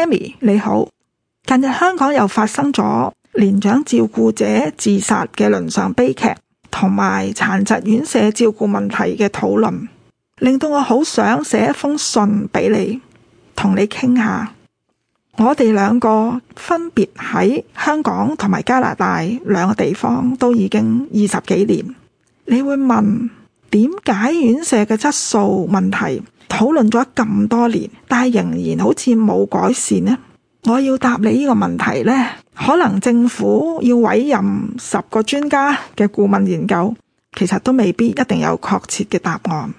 Amy 你好，近日香港又發生咗年長照顧者自殺嘅倫常悲劇，同埋殘疾院舍照顧問題嘅討論，令到我好想寫一封信俾你，同你傾下。我哋兩個分別喺香港同埋加拿大兩個地方，都已經二十幾年。你會問？點解院舍嘅質素問題討論咗咁多年，但係仍然好似冇改善呢？我要答你呢個問題呢，可能政府要委任十個專家嘅顧問研究，其實都未必一定有確切嘅答案。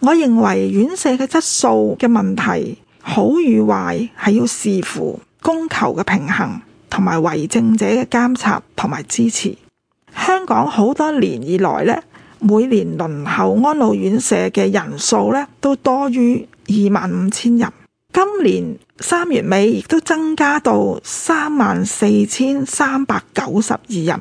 我認為院舍嘅質素嘅問題好與壞係要視乎供求嘅平衡，同埋為政者嘅監察同埋支持。香港好多年以來呢。每年輪候安老院舍嘅人數咧，都多於二萬五千人。今年三月尾亦都增加到三萬四千三百九十二人。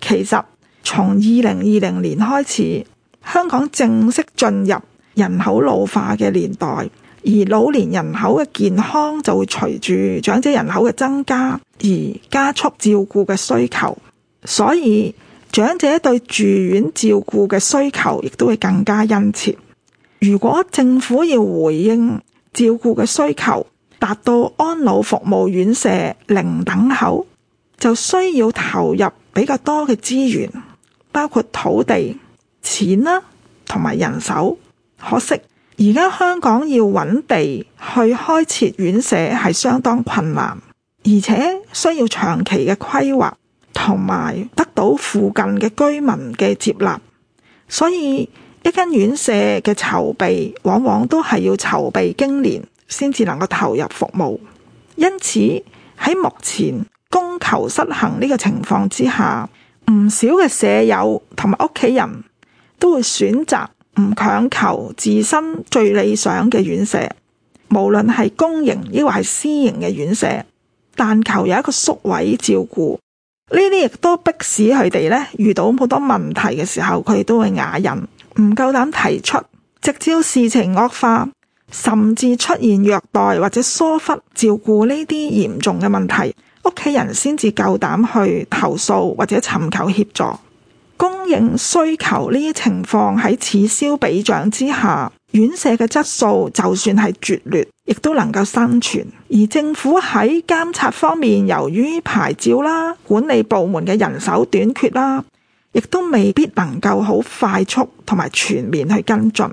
其實從二零二零年開始，香港正式進入人口老化嘅年代，而老年人口嘅健康就會隨住長者人口嘅增加而加速照顧嘅需求，所以，長者對住院照顧嘅需求亦都會更加殷切。如果政府要回應照顧嘅需求，達到安老服務院舍零等候，就需要投入比較多嘅資源，包括土地、錢啦，同埋人手。可惜而家香港要揾地去開設院舍係相當困難，而且需要長期嘅規劃。同埋得到附近嘅居民嘅接納，所以一間院舍嘅籌備往往都係要籌備經年，先至能夠投入服務。因此喺目前供求失衡呢個情況之下，唔少嘅舍友同埋屋企人都會選擇唔強求自身最理想嘅院舍，無論係公營抑或係私營嘅院舍，但求有一個宿位照顧。呢啲亦都迫使佢哋咧遇到好多問題嘅時候，佢哋都會啞忍，唔夠膽提出，直至事情惡化，甚至出現虐待或者疏忽照顧呢啲嚴重嘅問題，屋企人先至夠膽去投訴或者尋求協助。供應需求呢啲情況喺此消彼長之下，院舍嘅質素就算係絕劣，亦都能夠生存，而政府喺監察方面，由於牌照啦、管理部門嘅人手短缺啦，亦都未必能夠好快速同埋全面去跟進，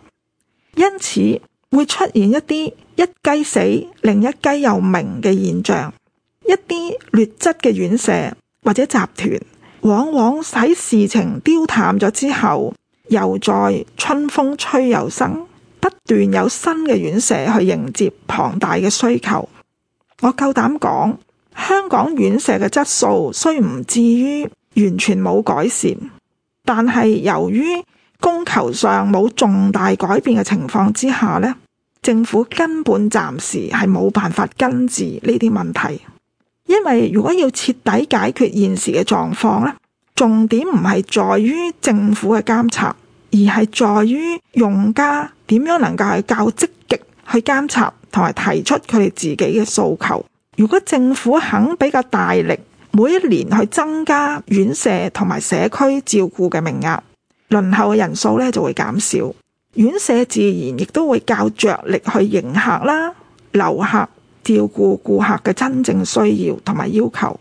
因此會出現一啲一雞死，另一雞又鳴嘅現象。一啲劣質嘅院舍或者集團，往往使事情丟淡咗之後，又再春風吹又生。不斷有新嘅院舍去迎接龐大嘅需求，我夠膽講，香港院舍嘅質素雖唔至於完全冇改善，但係由於供求上冇重大改變嘅情況之下咧，政府根本暫時係冇辦法根治呢啲問題，因為如果要徹底解決現時嘅狀況咧，重點唔係在於政府嘅監察。而係在於用家點樣能夠係較積極去監察同埋提出佢哋自己嘅訴求。如果政府肯比較大力，每一年去增加院舍同埋社區照顧嘅名額，輪候嘅人數咧就會減少。院舍自然亦都會較着力去迎客啦、留客、照顧顧客嘅真正需要同埋要求。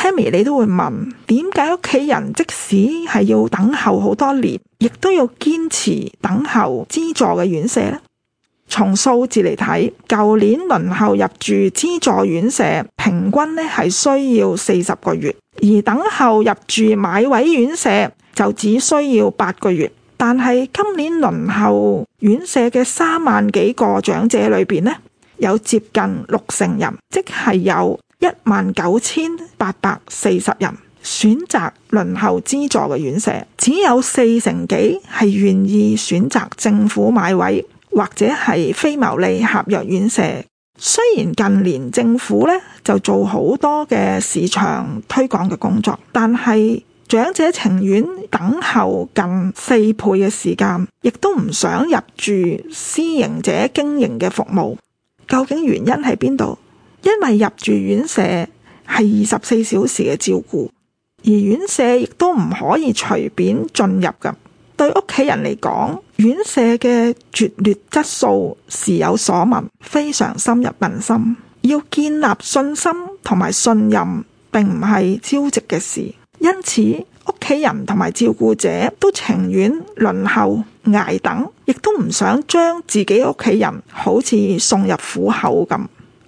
Henry，你都會問點解屋企人即使係要等候好多年，亦都要堅持等候資助嘅院舍呢？從數字嚟睇，舊年輪候入住資助院舍平均呢係需要四十個月，而等候入住買位院舍就只需要八個月。但係今年輪候院舍嘅三萬幾個長者裏邊呢，有接近六成人，即係有。一萬九千八百四十人選擇輪候資助嘅院舍，只有四成幾係願意選擇政府買位，或者係非牟利合約院舍。雖然近年政府咧就做好多嘅市場推廣嘅工作，但係長者情願等候近四倍嘅時間，亦都唔想入住私營者經營嘅服務。究竟原因喺邊度？因為入住院舍係二十四小時嘅照顧，而院舍亦都唔可以隨便進入嘅。對屋企人嚟講，院舍嘅絕劣質素時有所聞，非常深入民心。要建立信心同埋信任，並唔係朝夕嘅事。因此，屋企人同埋照顧者都情願輪候、挨等，亦都唔想將自己屋企人好似送入虎口咁。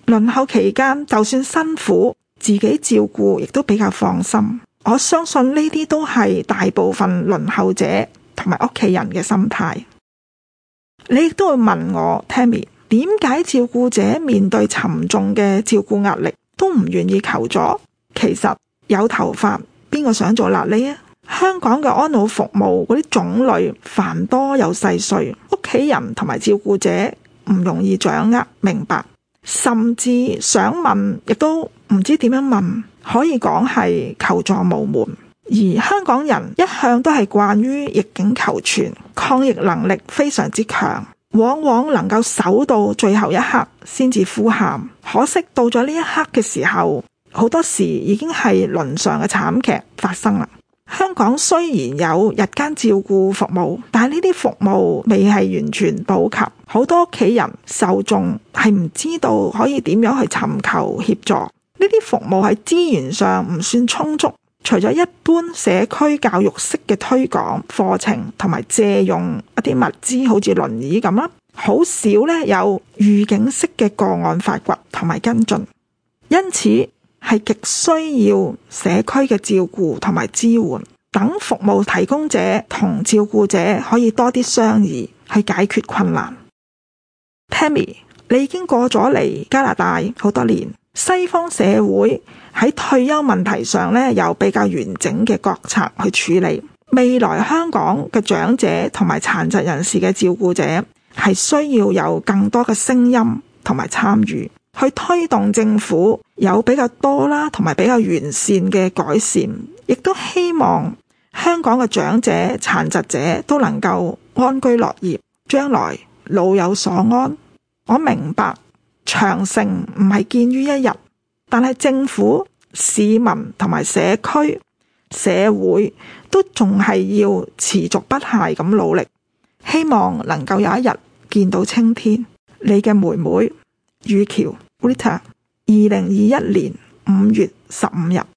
輪候期間，就算辛苦，自己照顧亦都比較放心。我相信呢啲都係大部分輪候者同埋屋企人嘅心態。你亦都會問我 Tammy，點解照顧者面對沉重嘅照顧壓力都唔願意求助？其實有頭髮邊個想做癩痢啊？香港嘅安老服務嗰啲種類繁多又細碎，屋企人同埋照顧者唔容易掌握明白。甚至想問，亦都唔知點樣問，可以講係求助無門。而香港人一向都係慣於逆境求存，抗疫能力非常之強，往往能夠守到最後一刻先至呼喊。可惜到咗呢一刻嘅時候，好多時已經係倫常嘅慘劇發生啦。香港雖然有日間照顧服務，但係呢啲服務未係完全普及，好多屋企人受眾係唔知道可以點樣去尋求協助。呢啲服務喺資源上唔算充足，除咗一般社區教育式嘅推廣課程同埋借用一啲物資，好似輪椅咁啦，好少咧有預警式嘅個案發掘同埋跟進，因此係極需要社區嘅照顧同埋支援。等服務提供者同照顧者可以多啲商議去解決困難。Tammy，你已經過咗嚟加拿大好多年，西方社會喺退休問題上呢有比較完整嘅國策去處理。未來香港嘅長者同埋殘疾人士嘅照顧者係需要有更多嘅聲音同埋參與，去推動政府有比較多啦同埋比較完善嘅改善，亦都希望。香港嘅長者、殘疾者都能夠安居樂業，將來老有所安。我明白長城唔係建於一日，但係政府、市民同埋社區、社會都仲係要持續不懈咁努力，希望能夠有一日見到青天。你嘅妹妹宇喬 Rita，二零二一年五月十五日。